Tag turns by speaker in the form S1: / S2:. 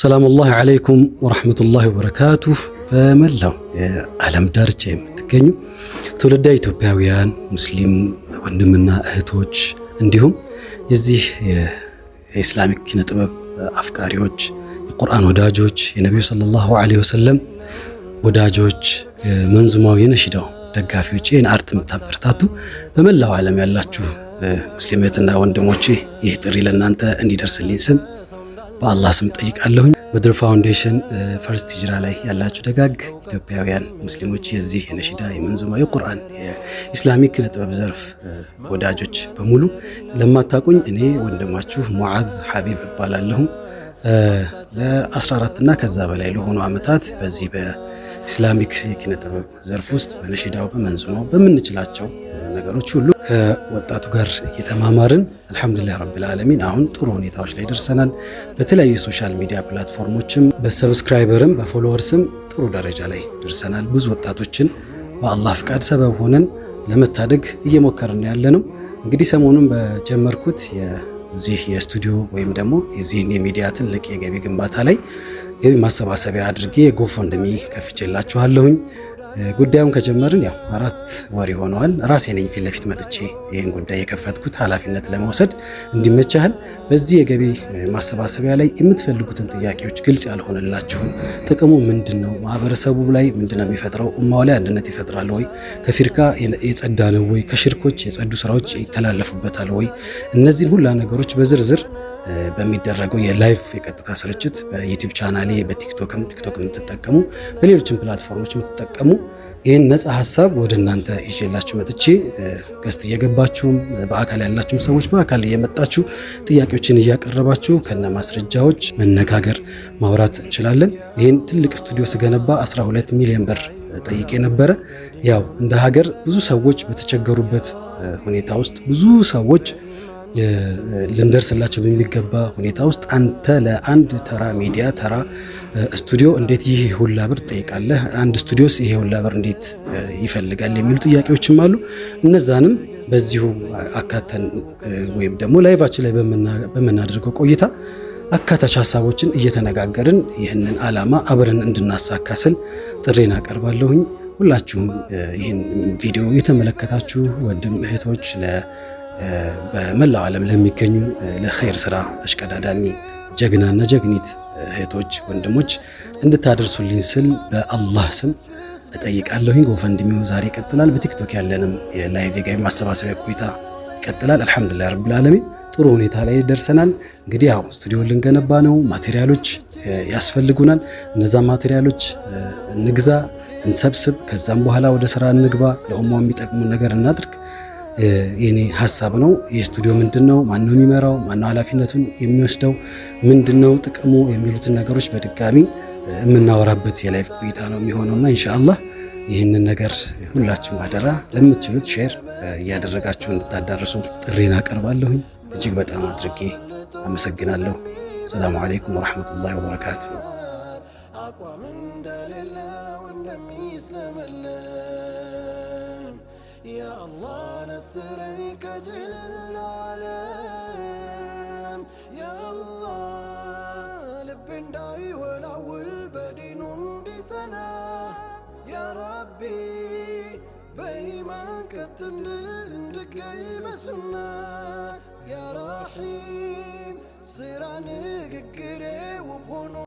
S1: ሰላሙላህ ዓለይኩም ወረሕመቱላሂ ወበረካቱ በመላው የዓለም ዳርቻ የምትገኙ ትውልደ ኢትዮጵያውያን ሙስሊም ወንድምና እህቶች እንዲሁም የዚህ የኢስላሚክ ኪነ ጥበብ አፍቃሪዎች፣ የቁርአን ወዳጆች፣ የነቢዩ ሰለላሁ ዓለይሂ ወሰለም ወዳጆች፣ መንዙማው የነሽዳው ደጋፊዎች፣ ይህን አርት የምታበረታቱ በመላው ዓለም ያላችሁ ሙስሊም እህትና ወንድሞቼ ይህ ጥሪ ለእናንተ እንዲደርስልኝ ስም በአላህ ስም ጠይቃለሁኝ። ምድር ፋውንዴሽን ፈርስት ሂጅራ ላይ ያላችሁ ደጋግ ኢትዮጵያውያን ሙስሊሞች የዚህ የነሽዳ የመንዙማ የቁርአን የኢስላሚክ ነጥበብ ዘርፍ ወዳጆች በሙሉ ለማታቁኝ እኔ ወንድማችሁ ሙዓዝ ሀቢብ እባላለሁ። ለ14 እና ከዛ በላይ ለሆኑ ዓመታት በዚህ በኢስላሚክ የኪነ ጥበብ ዘርፍ ውስጥ በነሽዳው በመንዙማው በምንችላቸው ነገሮች ሁሉ ከወጣቱ ጋር እየተማማርን አልሐምዱሊላህ ረቢል ዓለሚን አሁን ጥሩ ሁኔታዎች ላይ ደርሰናል። በተለያዩ የሶሻል ሚዲያ ፕላትፎርሞችም በሰብስክራይበርም በፎሎወርስም ጥሩ ደረጃ ላይ ደርሰናል። ብዙ ወጣቶችን በአላህ ፍቃድ ሰበብ ሆነን ለመታደግ እየሞከርን ያለ ነው። እንግዲህ ሰሞኑን በጀመርኩት የዚህ የስቱዲዮ ወይም ደግሞ የዚህን የሚዲያ ትልቅ የገቢ ግንባታ ላይ ገቢ ማሰባሰቢያ አድርጌ የጎፈንድሚ ከፍቼላችኋለሁኝ። ጉዳዩን ከጀመርን ያው አራት ወር ይሆነዋል። ራሴ ነኝ ፊት ለፊት መጥቼ ይህን ጉዳይ የከፈትኩት ኃላፊነት ለመውሰድ እንዲመቻህል። በዚህ የገቢ ማሰባሰቢያ ላይ የምትፈልጉትን ጥያቄዎች፣ ግልጽ ያልሆነላችሁን ጥቅሙ ምንድን ነው፣ ማህበረሰቡ ላይ ምንድን ነው የሚፈጥረው፣ እማው ላይ አንድነት ይፈጥራል ወይ፣ ከፊርካ የጸዳ ነው ወይ፣ ከሽርኮች የጸዱ ስራዎች ይተላለፉበታል ወይ፣ እነዚህን ሁላ ነገሮች በዝርዝር በሚደረገው የላይቭ የቀጥታ ስርጭት በዩቲዩብ ቻናሌ በቲክቶክም ቲክቶክ የምትጠቀሙ በሌሎችም ፕላትፎርሞች የምትጠቀሙ ይህን ነፃ ሀሳብ ወደ እናንተ ይዤላችሁ መጥቼ ገስት እየገባችሁም በአካል ያላችሁም ሰዎች በአካል እየመጣችሁ ጥያቄዎችን እያቀረባችሁ ከነ ማስረጃዎች መነጋገር ማውራት እንችላለን። ይህን ትልቅ ስቱዲዮ ስገነባ 12 ሚሊዮን ብር ጠይቄ ነበረ። ያው እንደ ሀገር ብዙ ሰዎች በተቸገሩበት ሁኔታ ውስጥ ብዙ ሰዎች ልንደርስላቸው በሚገባ ሁኔታ ውስጥ አንተ ለአንድ ተራ ሚዲያ ተራ ስቱዲዮ እንዴት ይህ ሁላ ብር ትጠይቃለህ? አንድ ስቱዲዮስ ይሄ ሁላ ብር እንዴት ይፈልጋል? የሚሉ ጥያቄዎችም አሉ። እነዛንም በዚሁ አካተን ወይም ደግሞ ላይቫችን ላይ በምናደርገው ቆይታ አካታች ሀሳቦችን እየተነጋገርን ይህንን ዓላማ አብረን እንድናሳካ ስል ጥሬን አቀርባለሁኝ። ሁላችሁም ይህን ቪዲዮ የተመለከታችሁ ወንድም እህቶች በመላው ዓለም ለሚገኙ ለኸይር ስራ ተሽቀዳዳሚ ጀግናና ጀግኒት እህቶች፣ ወንድሞች እንድታደርሱልኝ ስል በአላህ ስም እጠይቃለሁኝ። ጎፈንድሚው ዛሬ ይቀጥላል። በቲክቶክ ያለንም የላይቭ የገቢ ማሰባሰቢያ ቆይታ ይቀጥላል። አልሐምዱሊላህ ረብል ዓለሚን ጥሩ ሁኔታ ላይ ደርሰናል። እንግዲህ ያው ስቱዲዮ ልንገነባ ነው፣ ማቴሪያሎች ያስፈልጉናል። እነዛ ማቴሪያሎች እንግዛ፣ እንሰብስብ፣ ከዛም በኋላ ወደ ስራ እንግባ። ለኡማው የሚጠቅሙ ነገር እናድርግ። የኔ ሀሳብ ነው። የስቱዲዮ ምንድን ነው? ማን ነው የሚመራው? ማን ነው ኃላፊነቱን የሚወስደው? ምንድን ነው ጥቅሙ? የሚሉትን ነገሮች በድጋሚ የምናወራበት የላይፍ ቆይታ ነው የሚሆነው እና ኢንሻአላህ ይህንን ነገር ሁላችሁም አደራ ለምትችሉት ሼር እያደረጋችሁ እንድታዳርሱ ጥሪን አቀርባለሁኝ። እጅግ በጣም አድርጌ አመሰግናለሁ። ሰላሙ አለይኩም ወረህመቱላሂ ወበረካቱ። አቋም እንደሌለው እንደሚስለመለም يا الله نسريك جل العالم يا الله لبن داي ولا والبدي نمدي سنا يا ربي ما كتندل عندك بسنا يا رحيم صيراني قكري وبهنو